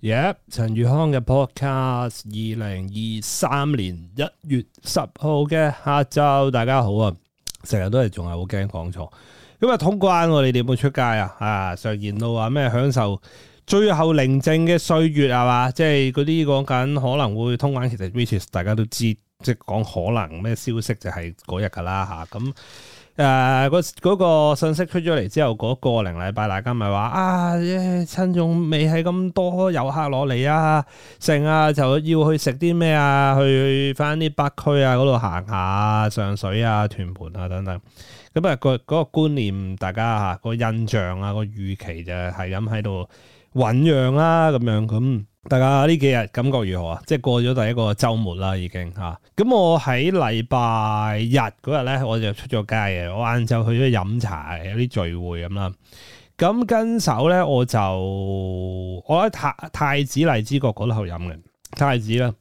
耶！陳宇、yeah, 康嘅 podcast 二零二三年一月十號嘅下晝，大家好啊！成日都係仲係好驚講錯，咁啊通關，我哋有冇出街啊？啊，常言路話、啊、咩？享受最後寧靜嘅歲月係嘛？即係嗰啲講緊可能會通關，其實 recent 大家都知，即係講可能咩消息就係嗰日噶啦吓咁。啊嗯誒嗰、呃那個信息出咗嚟之後，嗰個零禮拜大家咪話啊，趁仲未係咁多遊客攞嚟啊，剩啊就要去食啲咩啊，去翻啲北區啊嗰度行下上水啊、屯門啊等等，咁、嗯、啊、那個嗰、那個觀念，大家吓、那個印象啊、那個預期就係咁喺度醞釀啦，咁樣咁。大家呢幾日感覺如何啊？即係過咗第一個週末啦，已經嚇。咁我喺禮拜日嗰日咧，我就出咗街嘅。我晏晝去咗飲茶，有啲聚會咁啦。咁、啊、跟手咧，我就我喺太太子荔枝角嗰度飲嘅太子啦。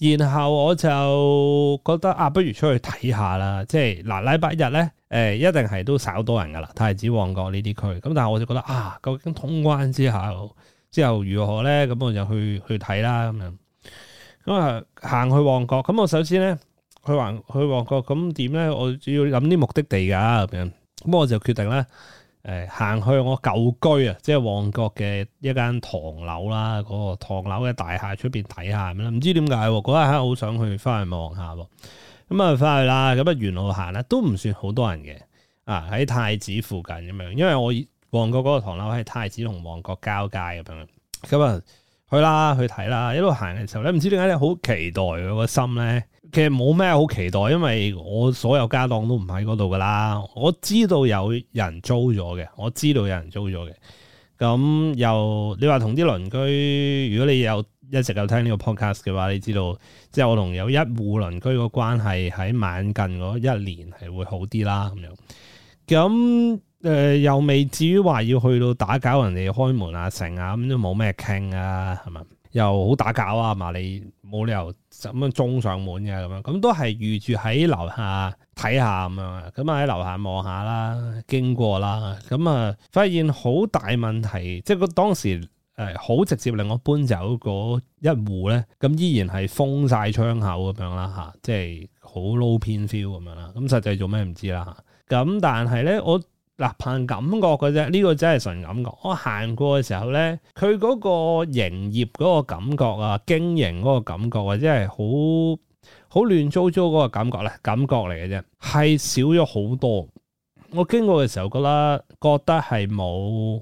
然後我就覺得啊，不如出去睇下啦。即係嗱，禮、啊、拜日咧，誒、呃、一定係都少多人噶啦。太子旺角呢啲區。咁但係我就覺得啊，究竟通關之後？之後如何咧？咁我就去去睇啦咁樣。咁、嗯、啊，行去旺角。咁我首先咧，去旺去旺角咁點咧？我主要諗啲目的地㗎咁樣。咁、嗯、我就決定咧，誒、呃、行去我舊居啊，即係旺角嘅一間唐樓啦，嗰個唐樓嘅大廈出邊睇下咁啦。唔知點解嗰日好想去翻去望下喎。咁、嗯、啊，翻去啦。咁啊，沿路行咧都唔算好多人嘅。啊，喺太子附近咁樣，因為我，旺角嗰個唐樓喺太子同旺角交界咁、嗯、樣，咁啊去啦去睇啦，一路行嘅時候咧，唔知點解咧好期待、啊嗰個心咧，其實冇咩好期待，因為我所有家當都唔喺嗰度噶啦。我知道有人租咗嘅，我知道有人租咗嘅。咁、嗯、又你話同啲鄰居，如果你有一直有聽呢個 podcast 嘅話，你知道即係、就是、我同有一戶鄰居個關係喺晚近嗰一年係會好啲啦咁樣。嗯咁誒、嗯、又未至於話要去到打攪人哋開門啊，成啊，咁都冇咩傾啊係嘛，又好打攪啊嘛，你冇理由咁樣中上門嘅咁樣，咁都係預住喺樓下睇下咁樣，咁啊喺樓下望下啦，經過啦，咁啊發現好大問題，即係個當時呃、好直接令我搬走嗰一戶咧，咁依然係封晒窗口咁樣啦嚇，即係好 low pin feel 咁樣啦，咁實際做咩唔知啦嚇。咁但係咧，我嗱憑感覺嘅啫，呢個真係純感覺。我行過嘅時候咧，佢嗰個營業嗰個感覺啊，經營嗰個感覺啊，即係好好亂糟糟嗰個感覺咧，感覺嚟嘅啫，係少咗好多。我經過嘅時候覺得，覺得覺得係冇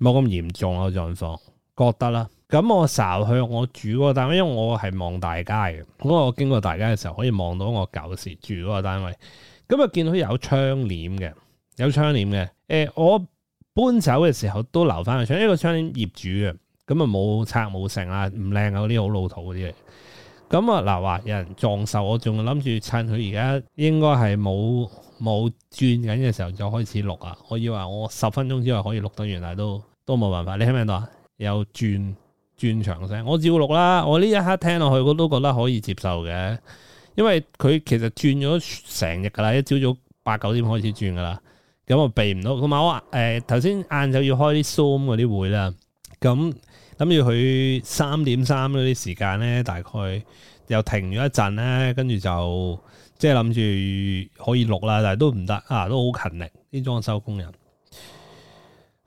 冇咁嚴重嘅狀況，覺得啦。咁我睄去我住嗰個單位，因為我係望大街嘅，嗰個經過大街嘅時候，可以望到我舊時住嗰個單位。咁啊、嗯，見到有窗簾嘅，有窗簾嘅，誒、欸，我搬走嘅時候都留翻個窗，呢個窗簾業主啊，咁啊冇拆冇成啊，唔靚啊，嗰啲好老土嗰啲嚟。咁啊嗱話有人撞手，我仲諗住趁佢而家應該係冇冇轉緊嘅時候就開始錄啊。我以為我十分鐘之外可以錄到原來，都都冇辦法。你聽唔聽到啊？有轉轉牆聲，我照錄啦。我呢一刻聽落去我都覺得可以接受嘅。因為佢其實轉咗成日噶啦，一朝早八九點開始轉噶啦，咁我避唔到。咁我話誒，頭先晏晝要開啲 zoom 嗰啲會啦，咁諗住佢三點三嗰啲時間咧，大概又停咗一陣咧，跟住就即係諗住可以錄啦，但係都唔得啊，都好勤力啲裝修工人。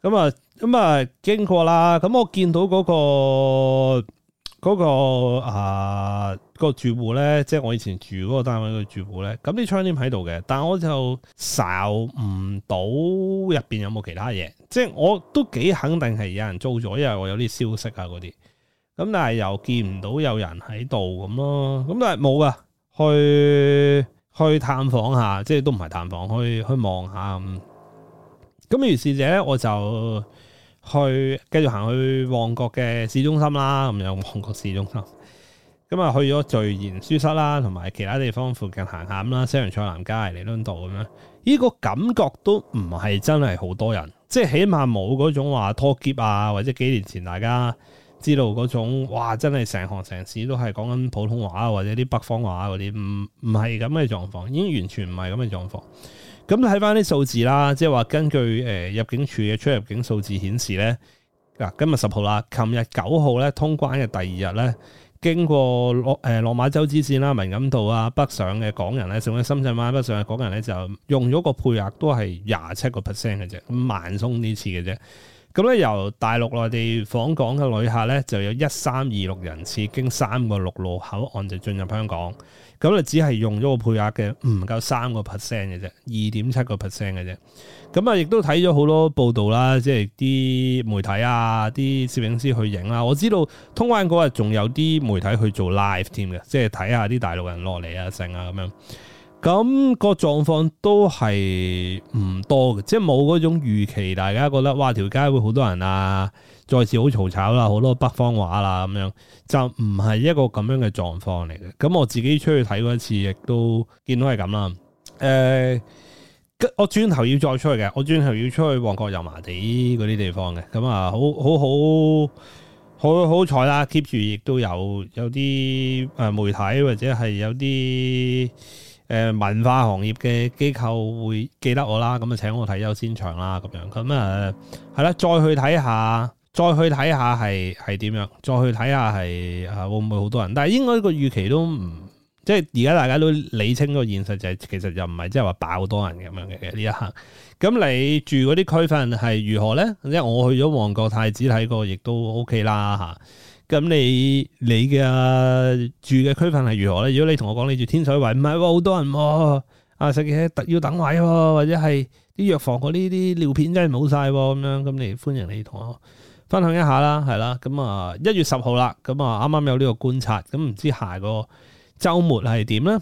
咁、嗯、啊，咁、嗯、啊，經過啦，咁、嗯、我見到嗰、那個。嗰個啊嗰個住戶咧，即係我以前住嗰個單位嘅住戶咧，咁啲窗簾喺度嘅，但係我就搜唔到入邊有冇其他嘢，即係我都幾肯定係有人租咗，因為我有啲消息啊嗰啲，咁但係又見唔到有人喺度咁咯，咁但係冇噶，去去探訪下，即係都唔係探訪，去去望下咁。咁於是者咧，我就。去繼續行去旺角嘅市中心啦，咁有旺角市中心，咁啊去咗聚賢書室啦，同埋其他地方附近行下咁啦，西洋菜南街、彌敦道咁樣，呢、呢個感覺都唔係真係好多人，即係起碼冇嗰種話拖劫啊，或者幾年前大家知道嗰種，哇！真係成行成市都係講緊普通話或者啲北方話嗰啲，唔唔係咁嘅狀況，已經完全唔係咁嘅狀況。咁睇翻啲數字啦，即係話根據誒入境處嘅出入境數字顯示咧，嗱今日十號啦，琴日九號咧，通關嘅第二日咧，經過落誒落馬洲支線啦、文錦渡啊、北上嘅港人咧，甚至深圳灣北上嘅港人咧，就用咗個配額都係廿七個 percent 嘅啫，咁慢鬆呢次嘅啫。咁咧，由大陸內地訪港嘅旅客咧，就有一三二六人次經三個陸路口岸就進入香港。咁咧，只係用咗個配額嘅，唔夠三個 percent 嘅啫，二點七個 percent 嘅啫。咁啊，亦都睇咗好多報道啦，即係啲媒體啊，啲攝影師去影啦。我知道通關嗰日仲有啲媒體去做 live 添嘅，即係睇下啲大陸人落嚟啊，剩啊咁樣。咁個狀況都係唔多嘅，即係冇嗰種預期，大家覺得哇條街會好多人啊，再次好嘈吵啦，好多北方話啦、啊、咁樣，就唔係一個咁樣嘅狀況嚟嘅。咁我自己出去睇過一次，亦都見到係咁啦。誒、呃，我轉頭要再出去嘅，我轉頭要出去旺角油麻地嗰啲地方嘅。咁啊，好好好好好彩啦，keep 住亦都有有啲誒、呃、媒體或者係有啲。誒文化行業嘅機構會記得我啦，咁啊請我睇優先場啦，咁樣，咁啊係啦，再去睇下，再去睇下係係點樣，再去睇下係啊會唔會好多人？但係應該個預期都唔即係而家大家都理清個現實就係、是、其實又唔係即係話爆多人咁樣嘅呢一刻，咁你住嗰啲區份係如何咧？即係我去咗旺角太子睇過，亦都 OK 啦嚇。咁你你嘅住嘅區份係如何咧？如果你同我講你住天水圍，唔係喎好多人喎，啊食嘢要等位喎、啊，或者係啲藥房嗰啲啲尿片真係冇晒喎，咁樣咁你歡迎你同我分享一下啦，係啦、啊，咁啊一月十號啦，咁啊啱啱有呢個觀察，咁唔知下個週末係點咧？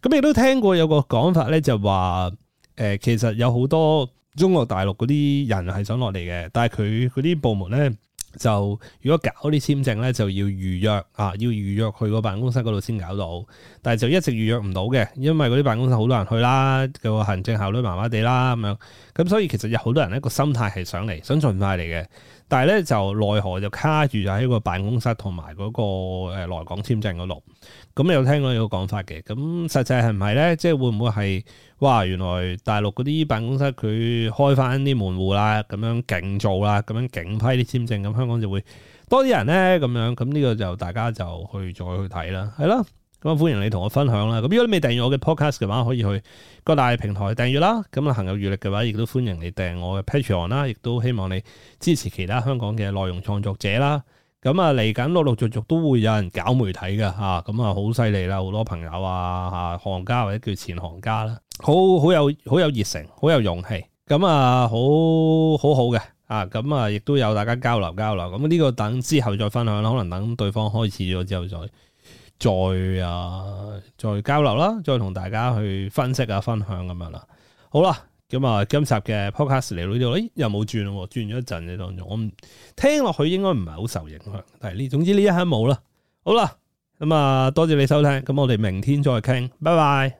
咁亦都聽過有個講法咧，就話誒、呃、其實有好多中國大陸嗰啲人係想落嚟嘅，但係佢嗰啲部門咧。就如果搞啲簽證咧，就要預約啊，要預約去個辦公室嗰度先搞到，但係就一直預約唔到嘅，因為嗰啲辦公室好多人去啦，個行政效率麻麻地啦咁樣，咁所以其實有好多人咧個心態係想嚟想盡快嚟嘅。但係咧就奈何就卡住就喺個辦公室同埋嗰個誒來、呃、港簽證嗰度，咁你有聽過有個講法嘅，咁、嗯、實際係唔係咧？即係會唔會係哇？原來大陸嗰啲辦公室佢開翻啲門戶啦，咁樣勁做啦，咁樣勁批啲簽證，咁、嗯、香港就會多啲人咧，咁樣咁呢個就大家就去再去睇啦，係咯。咁歡迎你同我分享啦。咁如果你未訂閱我嘅 podcast 嘅話，可以去各大平台訂閱啦。咁行有餘力嘅話，亦都歡迎你訂我嘅 Patreon 啦。亦都希望你支持其他香港嘅內容創作者啦。咁啊，嚟緊陸陸,陸續,續續都會有人搞媒體噶吓。咁啊，好犀利啦，好多朋友啊，行家或者叫前行家啦，好好有好有熱誠，好有勇氣。咁、嗯、啊，好好好嘅啊。咁啊，亦都有大家交流交流。咁、這、呢個等之後再分享啦。可能等對方開始咗之後再。再啊，再交流啦，再同大家去分析啊，分享咁樣啦。好啦，咁啊今集嘅 Podcast 嚟到呢度，誒，又冇轉咯，轉咗一陣嘅當中，我唔聽落去應該唔係好受影響。但係呢，總之呢一刻冇啦。好啦，咁、嗯、啊，多謝你收聽，咁我哋明天再傾，拜拜。